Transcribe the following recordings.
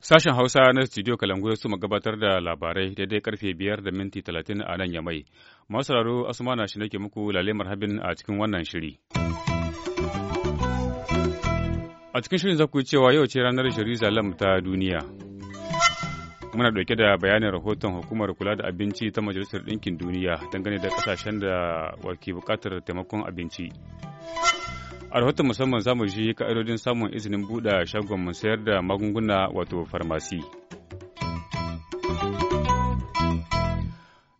Sashen Hausa na Studio Kalangu su gabatar da labarai daidai karfe biyar da minti talatin a nan yamai. Masu raro Asumana shi nake muku lale marhabin a cikin wannan shiri. A cikin shirin za ku cewa yau ce ranar Jerusalem ta duniya. muna dauke da bayanin rahoton hukumar kula da abinci ta majalisar ɗinkin duniya dangane da kasashen da ke bukatar taimakon abinci a rahoton musamman zamu ji ka'idodin samun izinin buɗe shagon sayar da magunguna wato farmasi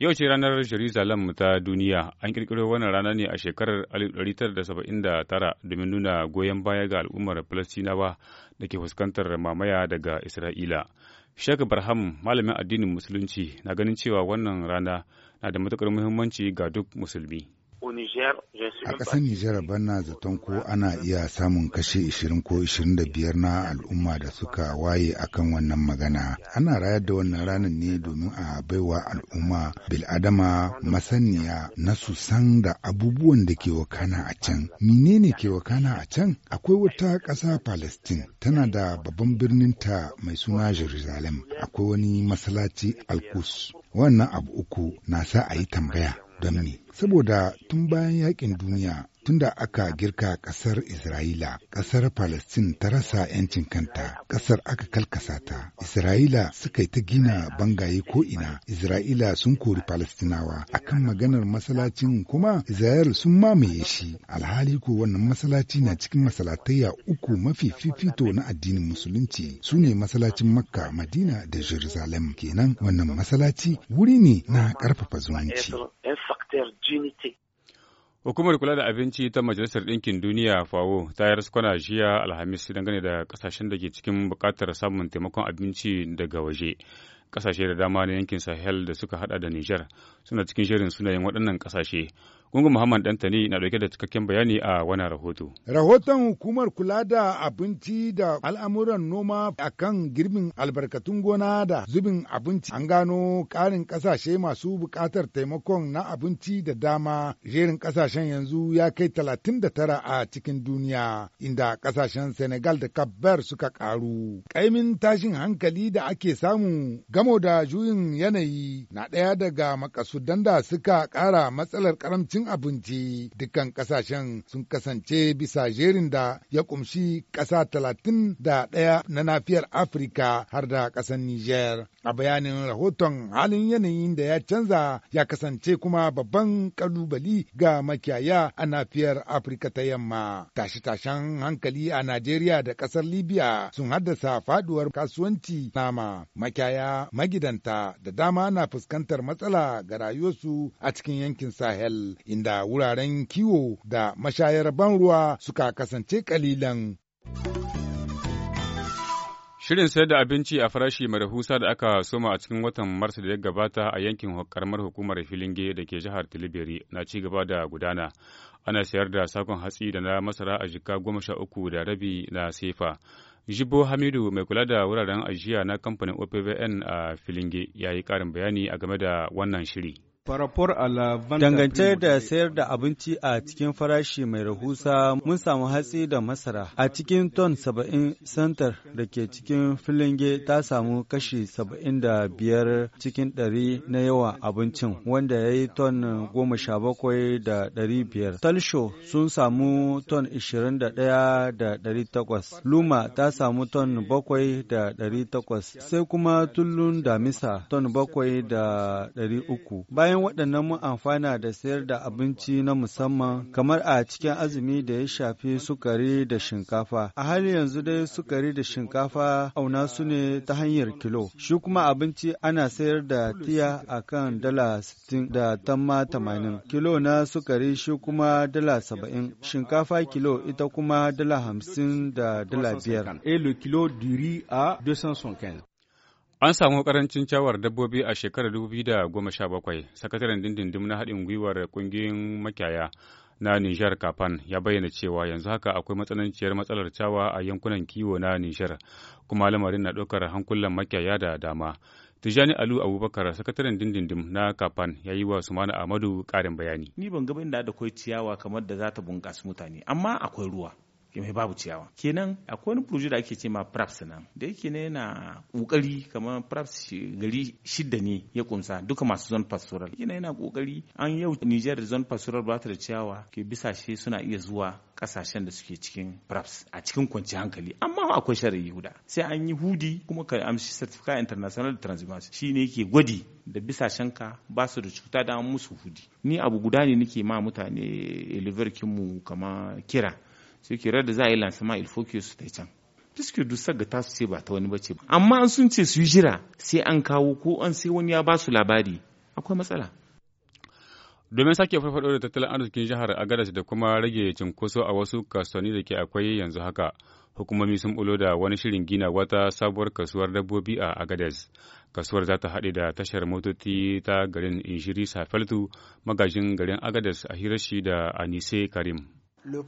Yau ce ranar Jerusalem ta duniya, an ƙirƙiro wannan rana ne a shekarar 1979 domin nuna goyon baya ga al'ummar Falastinawa da ke fuskantar mamaya daga Isra'ila. Sheikh Barham, malamin addinin Musulunci, na ganin cewa wannan rana na da matuƙar muhimmanci ga duk Musulmi. A ƙasar Nijar bana zaton ko ana iya samun kashe 20 ko biyar na al'umma da suka waye akan wannan magana. Ana rayar da wannan ranar ne domin a baiwa al'umma bil'adama masaniya na su san da abubuwan da ke wakana a can. Menene ke wakana a can? Akwai wata ƙasa Palestine tana da babban birnin ta mai suna Jerusalem. Akwai wani masalaci Alkus. Wannan abu uku na sa a yi tambaya. Don me? Saboda tun bayan yakin duniya tunda aka girka ƙasar Isra'ila, ƙasar Palestine ta rasa 'yancin kanta, ƙasar aka kalkasa ta. Isra'ila suka yi ta gina bangaye ko'ina, Isra'ila sun kori Palestinawa akan maganar masalacin kuma Isra'il sun mamaye shi. Alhali ko wannan masalaci na cikin masalatayya uku mafi fifito na addinin Musulunci su ne masalacin Makka, Madina da Jerusalem. Kenan wannan masalaci wuri ne na ƙarfafa zumunci. virginity. Hukumar kula da abinci ta Majalisar Ɗinkin Duniya FAO ta yi raskwana jiya Alhamis dangane da ƙasashen da ke cikin buƙatar samun taimakon abinci daga waje. Ƙasashe da dama na yankin Sahel da suka hada da Nijar suna cikin shirin sunayen waɗannan ƙasashe. Gungun Muhammad Dantani na dauke da cikakken bayani a wannan rahoto. Rahoton hukumar kula da abinci da al'amuran noma a kan girbin albarkatun gona da zubin abinci an gano ƙarin ƙasashe masu buƙatar taimakon na abinci da dama jerin ƙasashen yanzu ya kai talatin da tara a cikin duniya inda ƙasashen Senegal da Kabber suka ƙaru. Ƙaimin tashin hankali da ake samu gamo da juyin yanayi na ɗaya daga makasudan da suka ƙara matsalar ƙaramcin cin abinci dukkan kasashen sun kasance bisa jerin da ya kumshi kasa talatin da ɗaya na nafiyar Afirka har da ƙasar niger a bayanin rahoton halin yanayin da ya canza ya kasance kuma babban kalubali ga makiyaya a nafiyar afirka ta yamma tashe-tashen hankali a najeriya da ƙasar libya sun haddasa faduwar kasuwanci nama makiyaya magidanta da dama na fuskantar matsala ga rayuwarsu a cikin yankin sahel inda wuraren kiwo da mashayar ban ruwa suka kasance kalilan Shirin sayar da abinci a farashi mai rahusa da aka soma a cikin watan Maris da ya gabata a yankin karamar hukumar Filinge da ke jihar Tilibiri na ci gaba da gudana. Ana sayar da sakon hatsi da na masara a jika goma sha uku da rabi na sefa. Jibo Hamidu mai kula da wuraren ajiya na kamfanin OPVN a Filinge ya yi karin bayani a game da wannan shiri. Dangance da sayar da abinci a cikin farashi mai rahusa mun samu hatsi da masara. A cikin ton 70 santar da ke cikin filinge ta samu kashi 75 cikin 100 na yawan abincin wanda ya yi ton 17 da 500. Talsho sun samu ton 21 da 800. Luma ta samu ton 7 da 800. Sai kuma tullun damisa ton 7 da 300. Bayan Bayan waɗannan mun amfana da sayar da abinci na musamman kamar a cikin azumi da ya shafi sukari da shinkafa. A hali yanzu dai sukari da shinkafa auna su ne ta hanyar kilo. Shi kuma abinci ana sayar da tiya a kan dala 60 da tamma tamanin. Kilo na sukari shi kuma dala saba'in. Shinkafa kilo ita kuma dala hamsin da dala biyar. An samu karancin cawar dabbobi a shekarar 2017, sakataren dindindim na haɗin gwiwar ƙungiyoyin makiyaya na Nijar Kafan ya bayyana cewa yanzu haka akwai matsananciyar matsalar cawa a yankunan kiwo na Nijar, kuma lamarin na ɗaukar hankulan makiyaya da dama. Tijani Alu Abubakar sakataren dindindim na Kafan ya yi wa Sumana Ahmadu ƙarin bayani. Ni ban ga da akwai ciyawa kamar da za ta bunƙasa mutane, amma akwai ruwa. mai babu ciyawa kenan akwai wani proje da ake ce ma praps nan da yake ne na kokari kamar praps gari shidda ne ya kunsa duka masu zone pastoral yana yana kokari an yau Niger zone pastoral ba ta da ciyawa ke bisashe suna iya zuwa kasashen da suke cikin praps a cikin kwanci hankali amma akwai sharayi huda. sai an yi hudi kuma ka amshi certificate international transparency ne yake gwadi da bisashen ba su da cuta da an musu hudi ni abu guda ne nake ma mutane elevarkinmu mu kama kira sai kira da za a yi lansama ilfokiyo su ta can fiske dusar ga tasu ce ba ta wani bace ba amma an sun ce su yi jira sai an kawo ko an sai wani ya ba su labari akwai matsala domin sake farfado da tattalin arzikin jihar agadas da kuma rage cinkoso a wasu kasuwanni da ke akwai yanzu haka hukumomi sun bulo da wani shirin gina wata sabuwar kasuwar dabbobi a agadas kasuwar za ta haɗe da tashar motoci ta garin injiri safeltu magajin garin agadas a hirashi da anise karim de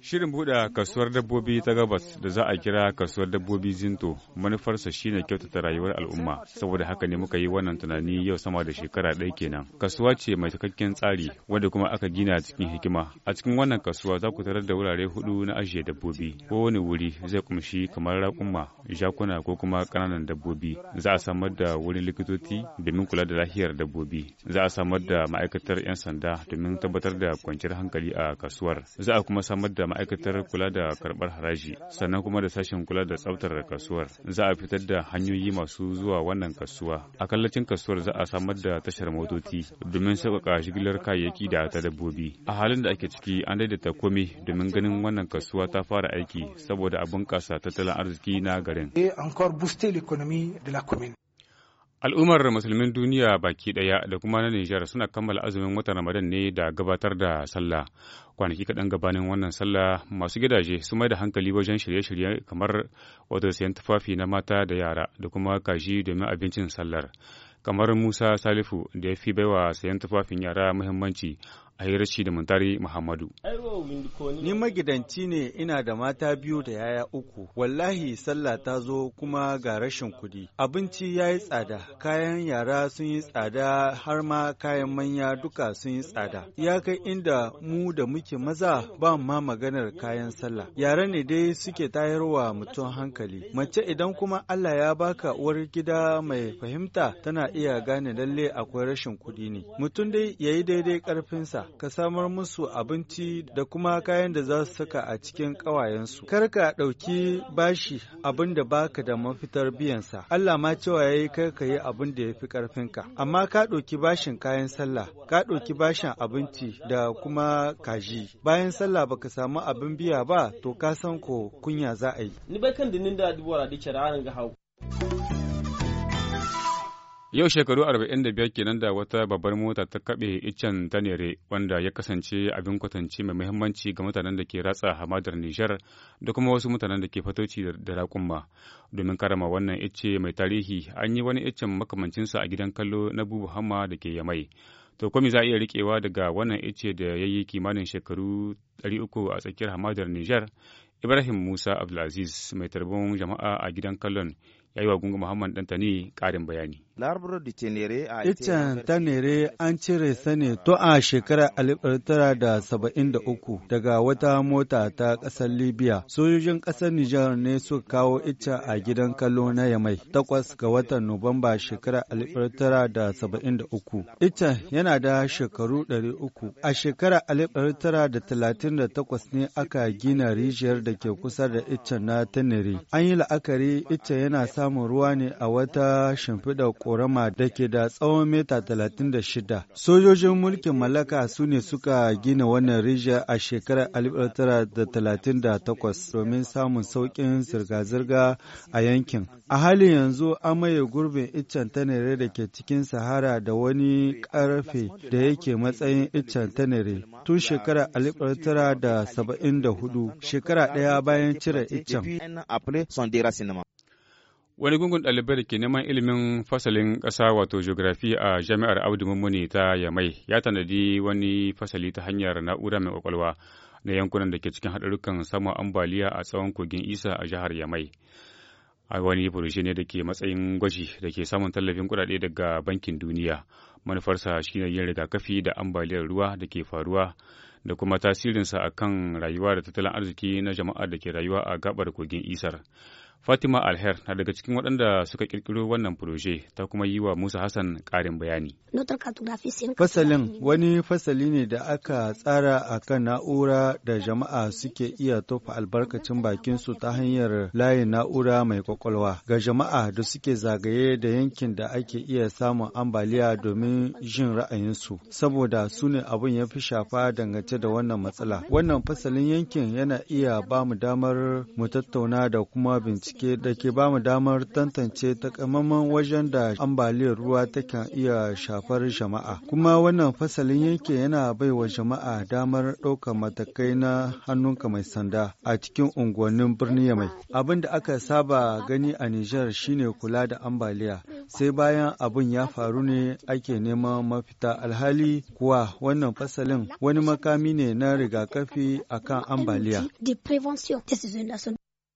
Shirin buɗe kasuwar dabbobi ta gabas da za a kira kasuwar dabbobi zinto manufarsa ne kyautata rayuwar al'umma saboda haka ne muka yi wannan tunani yau sama da shekara ɗaya kenan. Kasuwa ce mai cikakken tsari wanda kuma aka gina cikin hikima. A cikin wannan kasuwa za ku tarar da wurare hudu na ajiye dabbobi. Kowane wuri zai kumshi kamar raƙuma, jakuna ko kuma ƙananan dabbobi. Za a samar da wurin likitoci domin kula da lafiyar dabbobi. Za a samar da ma'aikatar 'yan sanda domin domin tabbatar da kwanciyar hankali a kasuwar. Za a kuma samar da ma'aikatar kula da karbar haraji, sannan kuma da sashen kula da tsaftar kasuwar. Za a fitar da hanyoyi masu zuwa wannan kasuwa. A kallacin kasuwar za a samar da tashar motoci domin sauƙaƙa shigilar kayayyaki da ta dabbobi. A halin da ake ciki an daidaita komai domin ganin wannan kasuwa ta fara aiki saboda a bunƙasa tattalin arziki na garin. Et encore booster l'économie de la commune. Al'ummar musulmin duniya baki ɗaya da kuma na Nijar suna kammala azumin watan Ramadan ne da gabatar da sallah. Kwanaki kaɗan gabanin wannan sallah masu gidaje su mai da hankali wajen shirye-shirye kamar wato sayan tufafi na mata da yara da kuma kaji domin abincin sallar. Kamar Musa Salifu da ya fi baiwa sayan tufafin yara muhimmanci a hirashi da Muntari Muhammadu. Ni magidanci ne ina da mata biyu da yaya uku. Wallahi sallah ta zo kuma ga rashin kuɗi. Abinci ya yi tsada, kayan yara sun yi tsada har ma kayan manya duka sun yi tsada. Ya kai inda mu da muke maza ba ma maganar kayan sallah. Yara ne dai suke tayarwa mutum hankali. Mace idan kuma Allah ya baka uwar gida mai fahimta tana iya gane lalle akwai rashin kuɗi ne. Mutum dai ya yi daidai ƙarfinsa ka samar musu abinci da kuma kayan da za su saka a cikin ƙawayensu. Kar ka ɗauki bashi abin da baka da mafitar biyansa. Allah ma cewa ya yi kar ka yi abin da ya fi ƙarfinka. Amma ka ɗauki bashin kayan sallah, ka ɗauki bashin abinci da kuma kaji. Bayan sallah ba ka samu abin biya ba to ka san ko kunya za a yi. Ni bai kan dinin da dubuwar da ke ga hau. Yau shekaru arba'in 45 kenan da wata babbar mota ta kaɓe iccen tanere wanda ya kasance abin kwatance mai muhimmanci ga mutanen da ke ratsa hamadar Nijar da kuma wasu mutanen da ke fatoci da raƙumma. Domin karama wannan icce mai tarihi an yi wani iccen makamancinsa a gidan kallo na Bubu Hamma da ke Yamai. To komi za a iya riƙewa daga wannan icce da ya yi kimanin shekaru 300 a tsakiyar hamadar Nijar. Ibrahim Musa Abdulaziz mai tarbon jama'a a gidan kallon ya yi wa Gungu Muhammad Dantani ƙarin bayani. ta tanere an cire sani to a shekarar uku, daga wata mota ta ƙasar Libya. Sojojin ƙasar Nijar ne suka kawo ita a gidan kallo na Yamai takwas ga watan Nuwamba shekarar uku, Iccen yana da shekaru uku. A shekarar takwas ne aka gina rijiyar da ke kusa da iccen na nere. An yi la'akari icce yana samun ruwa ne a wata shimfiɗa Ƙorama da ke da tsawon mita 36. Sojojin mulkin mallaka su ne suka gina wannan rijiya a shekarar 1938 domin samun sauƙin zirga-zirga a yankin. A halin yanzu an maye gurbin iccen tanere da ke cikin Sahara da wani ƙarfe da yake matsayin iccen tanere tun shekarar 1974 shekara ɗaya bayan cire iccen. Wani gungun ɗalibai da ke neman ilimin fasalin ƙasa wato geography a jami'ar Audu Mummuni ta Yamai ya tanadi wani fasali ta hanyar na'ura mai kwakwalwa na yankunan da ke cikin haɗarukan samun ambaliya a tsawon kogin Isa a jihar Yamai. A wani furushi ne da ke matsayin gwaji da ke samun tallafin kuɗaɗe daga Bankin Duniya. Manufarsa shine yin rigakafi da ambaliyar ruwa da ke faruwa da kuma tasirinsa akan rayuwa da tattalin arziki na jama'ar da ke rayuwa a gaɓar kogin Isar. Fatima Alher na daga cikin waɗanda suka ƙirƙiro wannan furoje ta kuma yi wa Musa Hassan ƙarin bayani. Fasalin wani fasali ne da aka tsara a kan na'ura da jama'a suke iya tofa albarkacin bakinsu ta hanyar layin na'ura mai kwakwalwa ga jama'a da suke zagaye da yankin da ake iya samun ambaliya domin jin ra'ayinsu saboda su ne abin ya fi shafa dangance da wannan matsala. Wannan fasalin yankin yana iya ba mu damar mu tattauna da kuma bincike Dake da ke ba damar tantance takamaiman wajen da ambaliyar ruwa ta kan iya shafar jama'a. Kuma wannan fasalin yanke yana bai wa jama'a damar ɗaukar matakai na hannunka mai sanda a cikin unguwannin birni mai. Abin da aka saba gani a Nijar shine kula da ambaliya, sai bayan abin ya faru ne ake neman mafita alhali kuwa wannan fasalin wani makami ne na rigakafi akan ambaliya.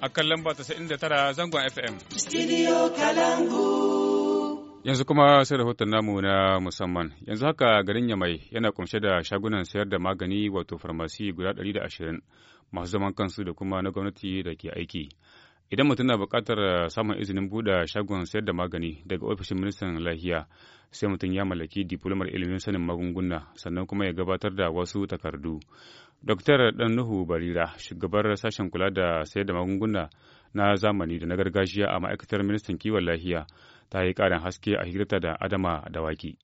a kan lamba 99 zangon FM. Studio Kalangu. Yanzu kuma sai rahoton namu na musamman. Yanzu haka garin Yamai yana kumshe da shagunan sayar da magani wato farmasi guda da ashirin masu zaman kansu da kuma na gwamnati da ke aiki. Idan mutum na buƙatar samun izinin buɗe shagon sayar da magani daga ofishin ministan lahiya sai mutum ya mallaki diplomar ilimin sanin magunguna sannan kuma ya gabatar da wasu takardu. Dr. Nuhu Barira, shugabar sashen kula da sayar da magunguna na zamani da na gargajiya a ma'aikatar ministan kiwon lafiya ta yi ƙarin haske a hirarta da adama da waki.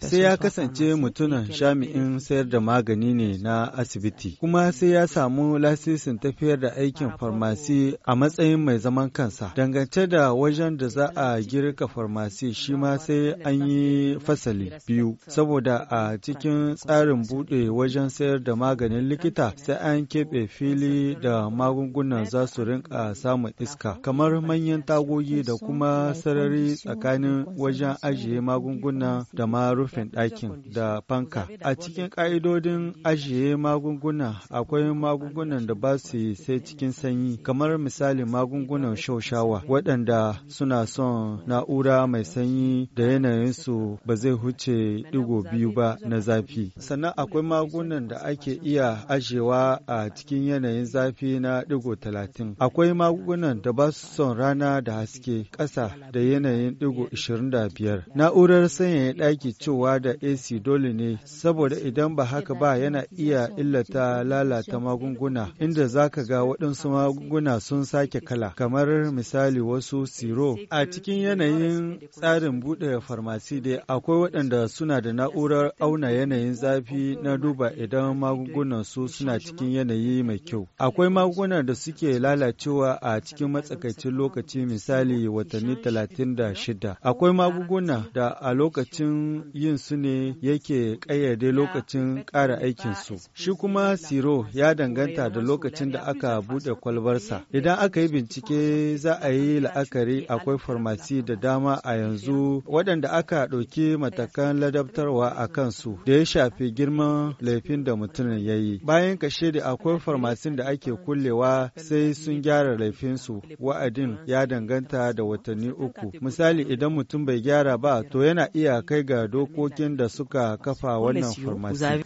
Sai ya kasance mutumin shami'in sayar da magani ne na asibiti, kuma sai ya samu lasisin tafiyar da aikin farmasi a matsayin mai zaman kansa. Dangance da wajen da za a girka farmasi shi ma sai an yi fasali biyu, saboda a cikin tsarin bude wajen sayar da maganin likita sai an keɓe fili da magungunan za su rinka samun iska kamar manyan tagogi da kuma sarari tsakanin wajen ajiye magunguna da ma rufin ɗakin da fanka a cikin ƙa'idodin ajiye magunguna akwai magungunan da ba su sai cikin sanyi kamar misali magungunan shaushawa waɗanda suna son na'ura mai sanyi da yanayinsu ba zai huce digo biyu ba na zafi sannan akwai magungunan da ake iya ajiyewa a cikin yanayin zafi na digo talatin cikin Akwai magungunan da ba su son rana da haske ƙasa da yanayin ɗigo ishirin da biyar. Na'urar sanyaya ɗaki cewa da AC dole ne saboda idan ba haka ba yana iya illata lalata magunguna inda za ka ga waɗansu magunguna sun sake kala kamar misali wasu siro. A cikin yanayin tsarin buɗe farmasi dai akwai waɗanda suna da na'urar auna yanayin zafi na duba idan magungunan su suna cikin yanayi mai kyau. Akwai magungunan da suke lalata lalacewa a cikin matsakaicin lokaci misali watanni talatin da shida. Akwai magunguna da a lokacin yin su ne yake ƙayyade lokacin ƙara aikinsu. Shi kuma siro ya danganta da lokacin da aka buɗe kwalbarsa. Idan aka yi bincike za a yi la'akari akwai farmasi da dama a yanzu waɗanda aka ɗauki matakan ladabtarwa a kansu da ya shafi girman laifin da mutum ya yi. Bayan kashe da akwai farmasin da ake kullewa sai sun gyara laifinsu wa'adin ya danganta da watanni uku misali idan mutum bai gyara ba to yana iya kai ga dokokin da suka kafa wannan farmasi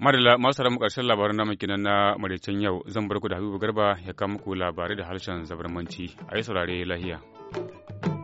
madala masu ramu ƙarshen labarin namun kinan na maricin yau zan bar ku da habibu garba ya kama muku labarai da harshen zabarmanci a yi saurare lahiya